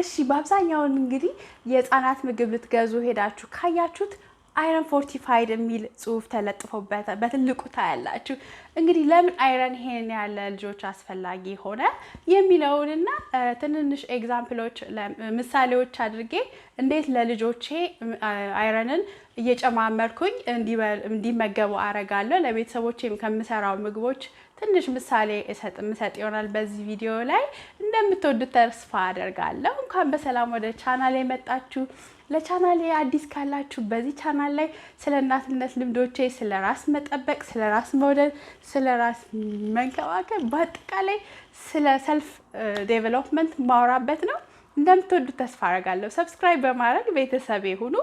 እሺ በአብዛኛውን እንግዲህ የህፃናት ምግብ ልትገዙ ሄዳችሁ ካያችሁት አይረን ፎርቲፋይድ የሚል ጽሁፍ ተለጥፎበት በትልቁ ታያላችሁ። እንግዲህ ለምን አይረን ይሄን ያለ ልጆች አስፈላጊ ሆነ የሚለውንና ትንንሽ ኤግዛምፕሎች ምሳሌዎች አድርጌ እንዴት ለልጆቼ አይረንን እየጨማመርኩኝ እንዲመገቡ አረጋለሁ። ለቤተሰቦቼም ከምሰራው ምግቦች ትንሽ ምሳሌ እሰጥ ይሆናል በዚህ ቪዲዮ ላይ። እንደምትወዱት ተስፋ አደርጋለሁ። እንኳን በሰላም ወደ ቻናል የመጣችሁ ለቻናሌ አዲስ ካላችሁ በዚህ ቻናል ላይ ስለ እናትነት ልምዶቼ፣ ስለ ራስ መጠበቅ፣ ስለ ራስ መውደድ፣ ስለ ራስ መንከባከብ፣ በአጠቃላይ ስለ ሰልፍ ዴቨሎፕመንት ማውራበት ነው። እንደምትወዱት ተስፋ አረጋለሁ። ሰብስክራይብ በማድረግ ቤተሰብ ሁኑ።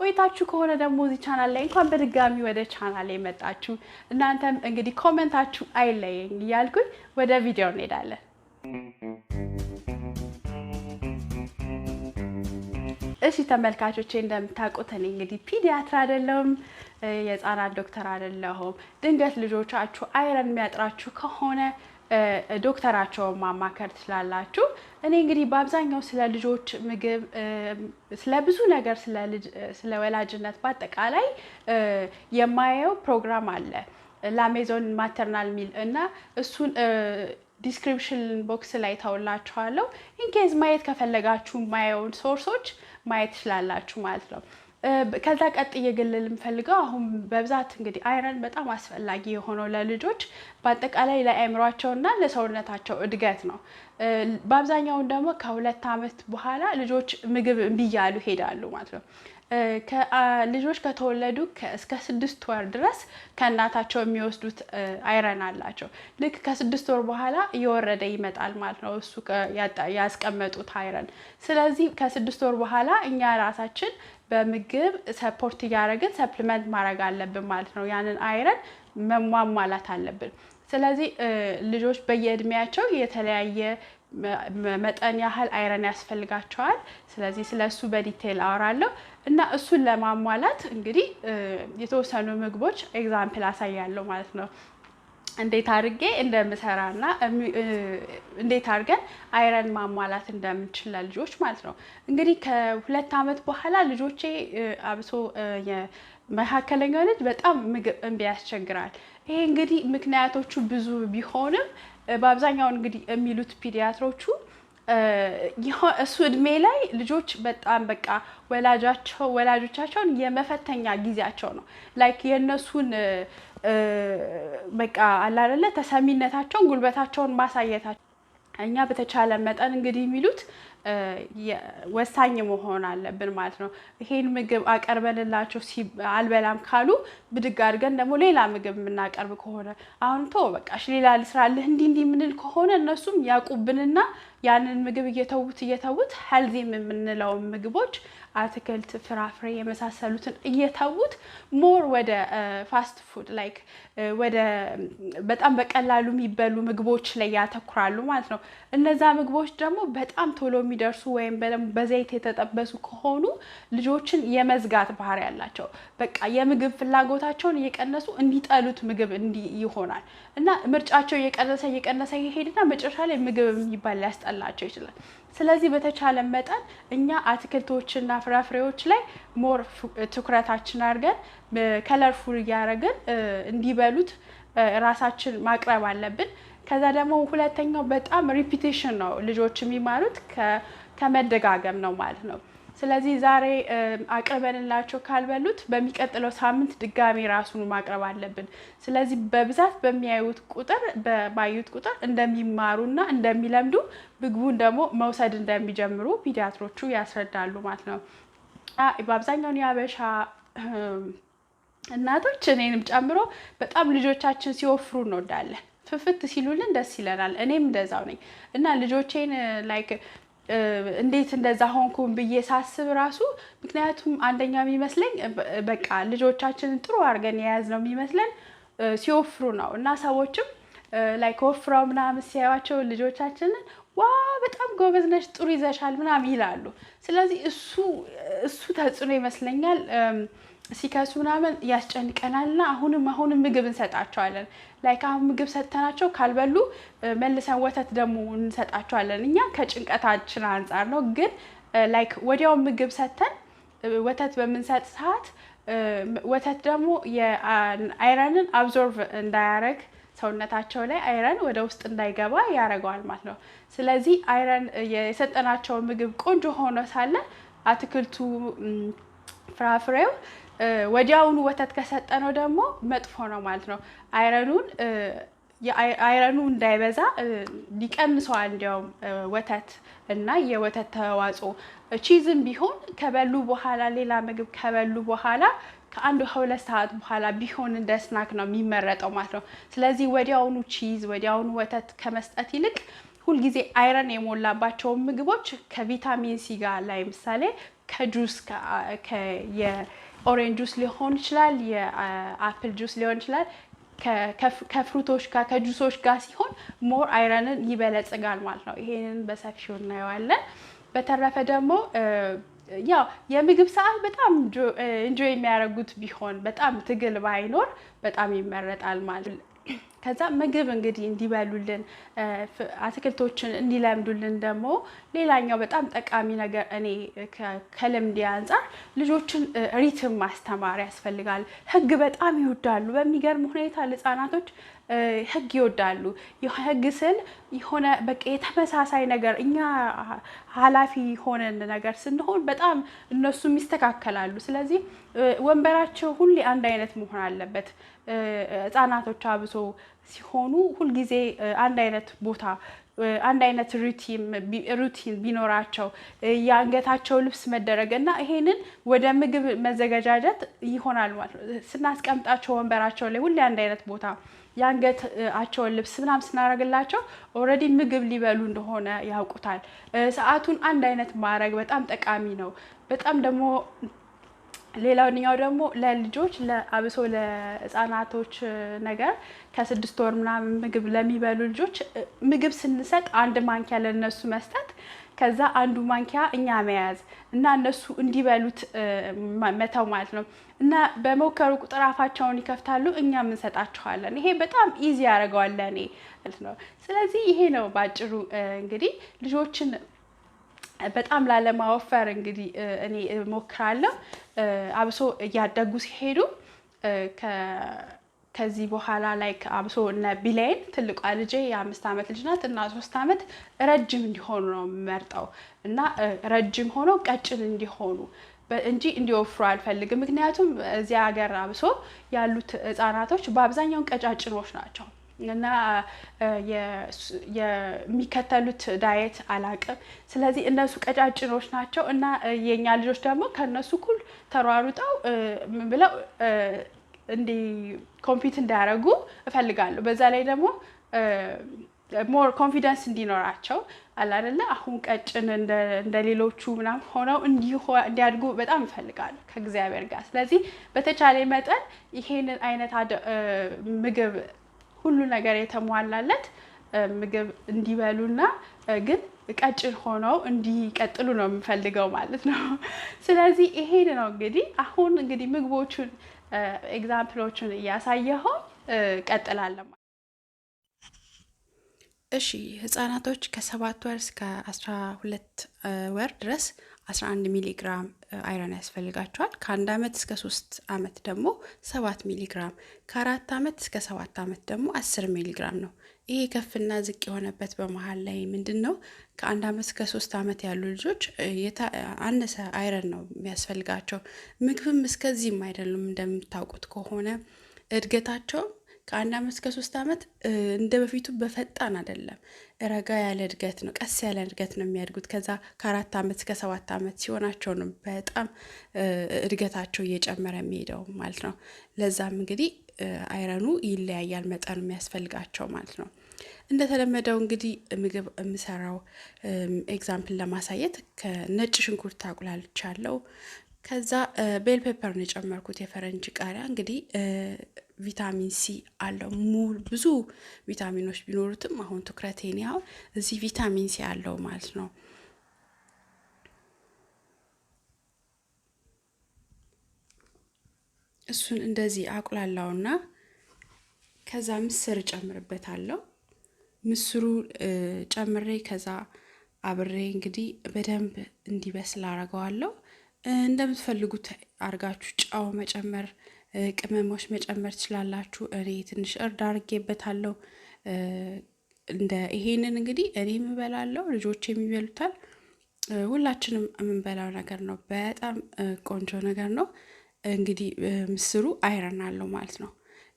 ቆይታችሁ ከሆነ ደግሞ እዚህ ቻናል ላይ እንኳን በድጋሚ ወደ ቻናል የመጣችሁ እናንተም እንግዲህ ኮመንታችሁ አይለየኝ እያልኩኝ ወደ ቪዲዮ እንሄዳለን። እሺ ተመልካቾቼ እንደምታውቁት እኔ እንግዲህ ፒዲያትር አይደለሁም፣ የህፃናት ዶክተር አይደለሁም። ድንገት ልጆቻችሁ አይረን የሚያጥራችሁ ከሆነ ዶክተራቸውን ማማከር ትችላላችሁ። እኔ እንግዲህ በአብዛኛው ስለ ልጆች ምግብ፣ ስለ ብዙ ነገር፣ ስለ ወላጅነት በአጠቃላይ የማየው ፕሮግራም አለ ላሜዞን ማተርናል ሚል እና እሱን ዲስክሪፕሽን ቦክስ ላይ ታውላችኋለሁ። ኢንኬዝ ማየት ከፈለጋችሁ ማየውን ሶርሶች ማየት ትችላላችሁ ማለት ነው። ከዛ ቀጥዬ ግን የምፈልገው አሁን በብዛት እንግዲህ አይረን በጣም አስፈላጊ የሆነው ለልጆች በአጠቃላይ ለአእምሯቸውና ለሰውነታቸው እድገት ነው። በአብዛኛውን ደግሞ ከሁለት ዓመት በኋላ ልጆች ምግብ እምቢ እያሉ ይሄዳሉ ማለት ነው። ልጆች ከተወለዱ እስከ ስድስት ወር ድረስ ከእናታቸው የሚወስዱት አይረን አላቸው። ልክ ከስድስት ወር በኋላ እየወረደ ይመጣል ማለት ነው እሱ ያስቀመጡት አይረን። ስለዚህ ከስድስት ወር በኋላ እኛ ራሳችን በምግብ ሰፖርት እያደረግን ሰፕሊመንት ማድረግ አለብን ማለት ነው። ያንን አይረን መሟሟላት አለብን። ስለዚህ ልጆች በየእድሜያቸው የተለያየ መጠን ያህል አይረን ያስፈልጋቸዋል። ስለዚህ ስለ እሱ በዲቴል አወራለሁ እና እሱን ለማሟላት እንግዲህ የተወሰኑ ምግቦች ኤግዛምፕል አሳያለሁ ማለት ነው። እንዴት አድርጌ እንደምሰራና እንዴት አድርገን አይረን ማሟላት እንደምንችል ለልጆች ማለት ነው። እንግዲህ ከሁለት ዓመት በኋላ ልጆቼ አብሶ መካከለኛ ልጅ በጣም ምግብ እምቢ ያስቸግራል። ይሄ እንግዲህ ምክንያቶቹ ብዙ ቢሆንም በአብዛኛው እንግዲህ የሚሉት ፒዲያትሮቹ እሱ እድሜ ላይ ልጆች በጣም በቃ ወላጆቻቸውን የመፈተኛ ጊዜያቸው ነው ላይክ የእነሱን በቃ አላለለ ተሰሚነታቸውን ጉልበታቸውን ማሳየታቸው እኛ በተቻለ መጠን እንግዲህ የሚሉት ወሳኝ መሆን አለብን ማለት ነው። ይሄን ምግብ አቀርበንላቸው አልበላም ካሉ ብድግ አድርገን ደግሞ ሌላ ምግብ የምናቀርብ ከሆነ አሁን ቶ በቃ ሌላ ልስራልህ እንዲህ እንዲህ የምንል ከሆነ እነሱም ያቁብንና ያንን ምግብ እየተዉት እየተዉት ሄልዚም የምንለውን ምግቦች አትክልት፣ ፍራፍሬ የመሳሰሉትን እየተዉት ሞር ወደ ፋስት ፉድ ላይክ ወደ በጣም በቀላሉ የሚበሉ ምግቦች ላይ ያተኩራሉ ማለት ነው። እነዛ ምግቦች ደግሞ በጣም ቶሎ የሚደርሱ ወይም በዘይት የተጠበሱ ከሆኑ ልጆችን የመዝጋት ባህሪ ያላቸው በቃ የምግብ ፍላጎታቸውን እየቀነሱ እንዲጠሉት ምግብ እንዲ ይሆናል እና ምርጫቸው እየቀነሰ እየቀነሰ ይሄድና መጨረሻ ላይ ምግብ የሚባል ያስጠላል ሊሰጥላቸው ይችላል። ስለዚህ በተቻለ መጠን እኛ አትክልቶችና ፍራፍሬዎች ላይ ሞር ትኩረታችን አድርገን ከለርፉል እያደረግን እንዲበሉት ራሳችን ማቅረብ አለብን። ከዛ ደግሞ ሁለተኛው በጣም ሪፒቴሽን ነው ልጆች የሚማሩት ከመደጋገም ነው ማለት ነው። ስለዚህ ዛሬ አቅርበንላቸው ካልበሉት በሚቀጥለው ሳምንት ድጋሜ ራሱን ማቅረብ አለብን። ስለዚህ በብዛት በሚያዩት ቁጥር በማዩት ቁጥር እንደሚማሩና እንደሚለምዱ ምግቡን ደግሞ መውሰድ እንደሚጀምሩ ፒዲያትሮቹ ያስረዳሉ ማለት ነው። በአብዛኛውን የአበሻ እናቶች እኔንም ጨምሮ በጣም ልጆቻችን ሲወፍሩ እንወዳለን። ፍፍት ሲሉልን ደስ ይለናል። እኔም እንደዛው ነኝ እና ልጆቼን ላይክ እንዴት እንደዛ ሆንኩን ብዬ ሳስብ ራሱ ምክንያቱም አንደኛ የሚመስለኝ በቃ ልጆቻችንን ጥሩ አድርገን የያዝ ነው የሚመስለን ሲወፍሩ ነው እና ሰዎችም ላይክ ወፍረው ምናምን ሲያዩቸው ልጆቻችንን ዋ በጣም ጎበዝ ነሽ፣ ጥሩ ይዘሻል ምናምን ይላሉ። ስለዚህ እሱ እሱ ተጽዕኖ ይመስለኛል ሲከሱ ምናምን ያስጨንቀናል እና አሁንም አሁንም ምግብ እንሰጣቸዋለን። ላይክ አሁን ምግብ ሰጥተናቸው ካልበሉ መልሰን ወተት ደግሞ እንሰጣቸዋለን። እኛ ከጭንቀታችን አንጻር ነው፣ ግን ላይክ ወዲያው ምግብ ሰጥተን ወተት በምንሰጥ ሰዓት ወተት ደግሞ የአይረንን አብዞርቭ እንዳያረግ ሰውነታቸው ላይ አይረን ወደ ውስጥ እንዳይገባ ያደርገዋል ማለት ነው። ስለዚህ አይረን የሰጠናቸውን ምግብ ቆንጆ ሆኖ ሳለ አትክልቱ ፍራፍሬው ወዲያውኑ ወተት ከሰጠነው ደግሞ መጥፎ ነው ማለት ነው። አይረኑን አይረኑ እንዳይበዛ ሊቀንሰዋል። እንዲያውም ወተት እና የወተት ተዋጽኦ ቺዝም ቢሆን ከበሉ በኋላ ሌላ ምግብ ከበሉ በኋላ ከአንድ ከሁለት ሰዓት በኋላ ቢሆን እንደ ስናክ ነው የሚመረጠው ማለት ነው። ስለዚህ ወዲያውኑ ቺዝ ወዲያውኑ ወተት ከመስጠት ይልቅ ሁልጊዜ አይረን የሞላባቸውን ምግቦች ከቪታሚን ሲ ጋር ላይ ምሳሌ ከጁስ ኦሬንጅ ጁስ ሊሆን ይችላል፣ የአፕል ጁስ ሊሆን ይችላል። ከፍሩቶች ጋር ከጁሶች ጋር ሲሆን ሞር አይረንን ይበለጽጋል ማለት ነው። ይሄንን በሰፊው እናየዋለን። በተረፈ ደግሞ ያው የምግብ ሰዓት በጣም እንጆ የሚያደርጉት ቢሆን በጣም ትግል ባይኖር በጣም ይመረጣል ማለት ነው። ከዛ ምግብ እንግዲህ እንዲበሉልን አትክልቶችን እንዲለምዱልን ደግሞ ሌላኛው በጣም ጠቃሚ ነገር እኔ ከልምድ አንጻር ልጆችን ሪትም ማስተማር ያስፈልጋል። ህግ በጣም ይወዳሉ። በሚገርም ሁኔታ ህጻናቶች ህግ ይወዳሉ። ህግ ስል የሆነ በቃ የተመሳሳይ ነገር እኛ ኃላፊ የሆነን ነገር ስንሆን በጣም እነሱም ይስተካከላሉ። ስለዚህ ወንበራቸው ሁሌ አንድ አይነት መሆን አለበት። ህጻናቶች አብሶ ሲሆኑ ሁልጊዜ አንድ አይነት ቦታ አንድ አይነት ሩቲን ቢኖራቸው የአንገታቸው ልብስ መደረግ እና ይሄንን ወደ ምግብ መዘገጃጀት ይሆናል ማለት ነው። ስናስቀምጣቸው ወንበራቸው ላይ ሁሌ አንድ አይነት ቦታ የአንገታቸውን ልብስ ምናምን ስናደርግላቸው ኦልሬዲ ምግብ ሊበሉ እንደሆነ ያውቁታል። ሰዓቱን አንድ አይነት ማድረግ በጣም ጠቃሚ ነው። በጣም ደግሞ ሌላኛው ደግሞ ለልጆች አብሶ ለህፃናቶች ነገር ከስድስት ወር ምናምን ምግብ ለሚበሉ ልጆች ምግብ ስንሰጥ አንድ ማንኪያ ለነሱ መስጠት ከዛ አንዱ ማንኪያ እኛ መያዝ እና እነሱ እንዲበሉት መተው ማለት ነው። እና በሞከሩ ቁጥር አፋቸውን ይከፍታሉ፣ እኛም እንሰጣቸዋለን። ይሄ በጣም ኢዚ ያደርገዋል ለእኔ ማለት ነው። ስለዚህ ይሄ ነው ባጭሩ እንግዲህ ልጆችን በጣም ላለማወፈር እንግዲህ እኔ እሞክራለሁ። አብሶ እያደጉ ሲሄዱ ከዚህ በኋላ ላይ አብሶ እነ ቢላይን ትልቋ ልጄ የአምስት ዓመት ልጅ ናት እና ሶስት ዓመት ረጅም እንዲሆኑ ነው የምመርጠው እና ረጅም ሆነው ቀጭን እንዲሆኑ እንጂ እንዲወፍሩ አልፈልግም። ምክንያቱም እዚያ ሀገር አብሶ ያሉት ህጻናቶች በአብዛኛውን ቀጫጭኖች ናቸው። እና የሚከተሉት ዳየት አላቅም። ስለዚህ እነሱ ቀጫጭኖች ናቸው እና የእኛ ልጆች ደግሞ ከእነሱ እኩል ተሯሩጠው ምን ብለው እንዲ ኮምፒት እንዳያደረጉ እፈልጋለሁ። በዛ ላይ ደግሞ ሞር ኮንፊደንስ እንዲኖራቸው አላደለ አሁን ቀጭን እንደሌሎቹ ምናም ሆነው እንዲያድጉ በጣም እፈልጋለሁ ከእግዚአብሔር ጋር። ስለዚህ በተቻለ መጠን ይሄንን አይነት ምግብ ሁሉ ነገር የተሟላለት ምግብ እንዲበሉና ግን ቀጭን ሆነው እንዲቀጥሉ ነው የምፈልገው ማለት ነው። ስለዚህ ይሄን ነው እንግዲህ አሁን እንግዲህ ምግቦቹን ኤግዛምፕሎቹን እያሳየኸው ቀጥላለሁ። እሺ ህጻናቶች ከሰባት ወር እስከ አስራ ሁለት ወር ድረስ 11 ሚሊግራም አይረን ያስፈልጋቸዋል። ከአንድ ዓመት እስከ ሶስት ዓመት ደግሞ ሰባት ሚሊግራም፣ ከአራት ዓመት እስከ ሰባት ዓመት ደግሞ አስር ሚሊግራም ነው። ይሄ ከፍና ዝቅ የሆነበት በመሀል ላይ ምንድን ነው? ከአንድ ዓመት እስከ ሶስት ዓመት ያሉ ልጆች አነሰ አይረን ነው የሚያስፈልጋቸው። ምግብም እስከዚህም አይደሉም እንደምታውቁት ከሆነ እድገታቸው ከአንድ አመት እስከ ሶስት ዓመት እንደ በፊቱ በፈጣን አይደለም፣ ረጋ ያለ እድገት ነው። ቀስ ያለ እድገት ነው የሚያድጉት። ከዛ ከአራት ዓመት እስከ ሰባት ዓመት ሲሆናቸው ነው በጣም እድገታቸው እየጨመረ የሚሄደው ማለት ነው። ለዛም እንግዲህ አይረኑ ይለያያል፣ መጠኑ የሚያስፈልጋቸው ማለት ነው። እንደተለመደው እንግዲህ ምግብ የምሰራው ኤግዛምፕል ለማሳየት ከነጭ ሽንኩርት አቁላልቻለሁ። ከዛ ቤል ፔፐር ነው የጨመርኩት። የፈረንጅ ቃሪያ እንግዲህ ቪታሚን ሲ አለው ሙሉ ብዙ ቪታሚኖች ቢኖሩትም አሁን ትኩረቴን ያው እዚህ ቪታሚን ሲ አለው ማለት ነው። እሱን እንደዚህ አቁላላውና ከዛ ምስር ጨምርበታለሁ። ምስሩ ጨምሬ ከዛ አብሬ እንግዲህ በደንብ እንዲበስል አረገዋለሁ። እንደምትፈልጉት አርጋችሁ ጨው መጨመር፣ ቅመሞች መጨመር ትችላላችሁ። እኔ ትንሽ እርድ አርጌበታለሁ። እንደ ይሄንን እንግዲህ እኔ የምበላለው ልጆች የሚበሉታል። ሁላችንም የምንበላው ነገር ነው። በጣም ቆንጆ ነገር ነው። እንግዲህ ምስሩ አይረን አለው ማለት ነው።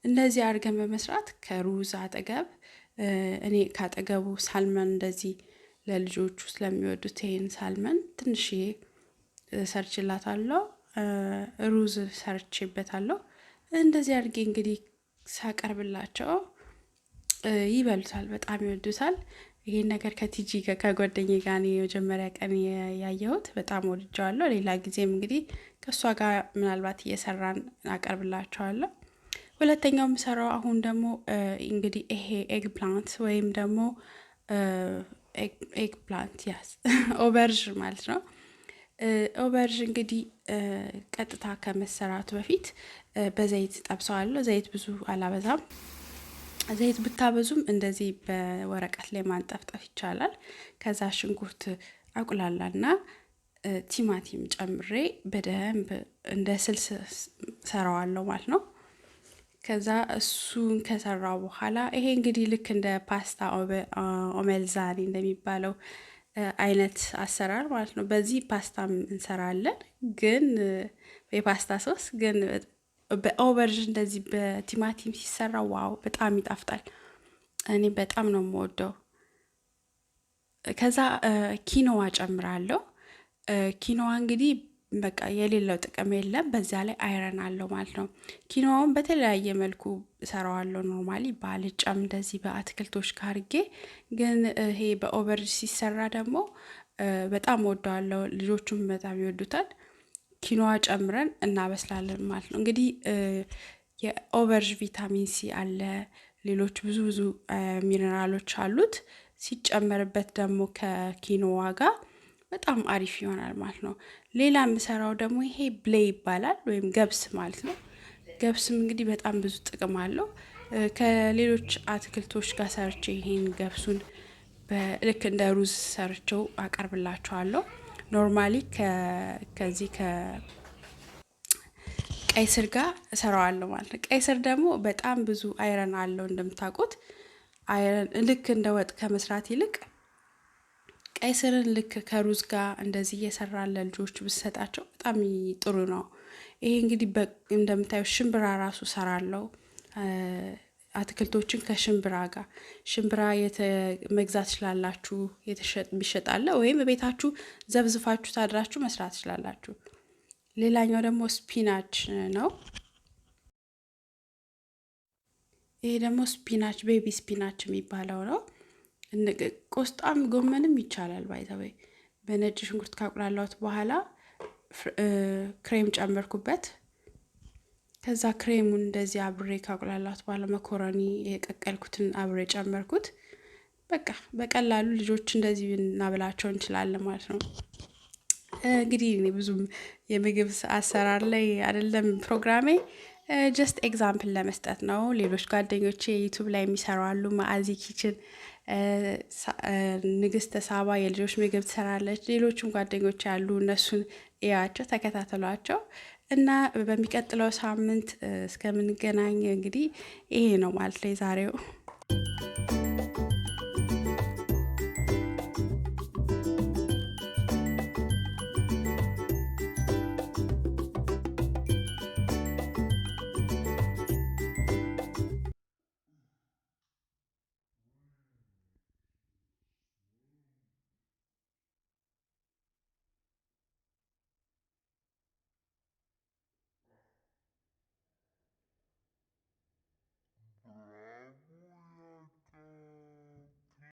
እንደዚህ አድርገን በመስራት ከሩዝ አጠገብ እኔ ካጠገቡ ሳልመን እንደዚህ ለልጆቹ ስለሚወዱት ይሄን ሳልመን ትንሽዬ ሰርችላታለሁ፣ ሩዝ ሰርችበታለሁ። እንደዚህ አድርጌ እንግዲህ ሳቀርብላቸው ይበሉታል፣ በጣም ይወዱታል። ይሄን ነገር ከቲጂ ከጓደኝ ጋር የመጀመሪያ ቀን ያየሁት በጣም ወድጀዋለሁ። ሌላ ጊዜም እንግዲህ ከእሷ ጋር ምናልባት እየሰራን አቀርብላቸዋለሁ። ሁለተኛው የምሰራው አሁን ደግሞ እንግዲህ ይሄ ኤግ ፕላንት ወይም ደግሞ ኤግ ፕላንት ያስ ኦቨርዥ ማለት ነው ኦበርዥ እንግዲህ ቀጥታ ከመሰራቱ በፊት በዘይት ጠብሰዋለሁ። ዘይት ብዙ አላበዛም። ዘይት ብታበዙም እንደዚህ በወረቀት ላይ ማንጠፍጠፍ ይቻላል። ከዛ ሽንኩርት አቁላላና ቲማቲም ጨምሬ በደንብ እንደ ስልስ ሰራዋለሁ ማለት ነው። ከዛ እሱን ከሰራው በኋላ ይሄ እንግዲህ ልክ እንደ ፓስታ ኦሜልዛኒ እንደሚባለው አይነት አሰራር ማለት ነው። በዚህ ፓስታም እንሰራለን፣ ግን የፓስታ ሶስ ግን በኦቨርዥን እንደዚህ በቲማቲም ሲሰራ ዋው በጣም ይጣፍጣል። እኔ በጣም ነው የምወደው። ከዛ ኪኖዋ ጨምራለሁ። ኪኖዋ እንግዲህ በቃ የሌለው ጥቅም የለም። በዛ ላይ አይረን አለው ማለት ነው። ኪኖውን በተለያየ መልኩ ሰራዋለሁ። ኖርማሊ በአልጫም እንደዚህ በአትክልቶች ካርጌ፣ ግን ይሄ በኦቨር ሲሰራ ደግሞ በጣም ወደዋለው። ልጆቹም በጣም ይወዱታል። ኪኖዋ ጨምረን እናበስላለን ማለት ነው። እንግዲህ የኦቨርጅ ቪታሚን ሲ አለ፣ ሌሎች ብዙ ብዙ ሚነራሎች አሉት። ሲጨመርበት ደግሞ ከኪኖዋ ጋር በጣም አሪፍ ይሆናል ማለት ነው። ሌላ የምሰራው ደግሞ ይሄ ብሌ ይባላል ወይም ገብስ ማለት ነው። ገብስም እንግዲህ በጣም ብዙ ጥቅም አለው። ከሌሎች አትክልቶች ጋር ሰርቼ ይሄን ገብሱን ልክ እንደ ሩዝ ሰርቸው አቀርብላችኋለሁ። ኖርማሊ ከዚህ ከቀይ ስር ጋር እሰራዋለሁ ማለት ነው። ቀይ ስር ደግሞ በጣም ብዙ አይረን አለው እንደምታውቁት አይረን ልክ እንደ ወጥ ከመስራት ይልቅ ቀይ ስርን ልክ ከሩዝ ጋር እንደዚህ እየሰራ ለልጆች ብሰጣቸው በጣም ጥሩ ነው። ይሄ እንግዲህ እንደምታየው ሽምብራ ራሱ ሰራለው አትክልቶችን ከሽምብራ ጋር ሽምብራ መግዛት ትችላላችሁ፣ ይሸጣለ ወይም ቤታችሁ ዘብዝፋችሁ ታድራችሁ መስራት ትችላላችሁ። ሌላኛው ደግሞ ስፒናች ነው። ይሄ ደግሞ ስፒናች ቤቢ ስፒናች የሚባለው ነው። ቆስጣም ጎመንም ይቻላል። ባይተወይ በነጭ ሽንኩርት ካቁላላሁት በኋላ ክሬም ጨመርኩበት። ከዛ ክሬሙን እንደዚህ አብሬ ካቁላላሁት በኋላ መኮረኒ የቀቀልኩትን አብሬ ጨመርኩት። በቃ በቀላሉ ልጆች እንደዚህ እናብላቸው እንችላለን ማለት ነው። እንግዲህ እኔ ብዙም የምግብ አሰራር ላይ አይደለም ፕሮግራሜ፣ ጀስት ኤግዛምፕል ለመስጠት ነው። ሌሎች ጓደኞቼ ዩቱብ ላይ የሚሰሩ አሉ። ማአዚ ኪችን ንግስተ ሳባ የልጆች ምግብ ትሰራለች። ሌሎችም ጓደኞች ያሉ እነሱን እያቸው፣ ተከታተሏቸው እና በሚቀጥለው ሳምንት እስከምንገናኝ እንግዲህ ይሄ ነው ማለት ነው የዛሬው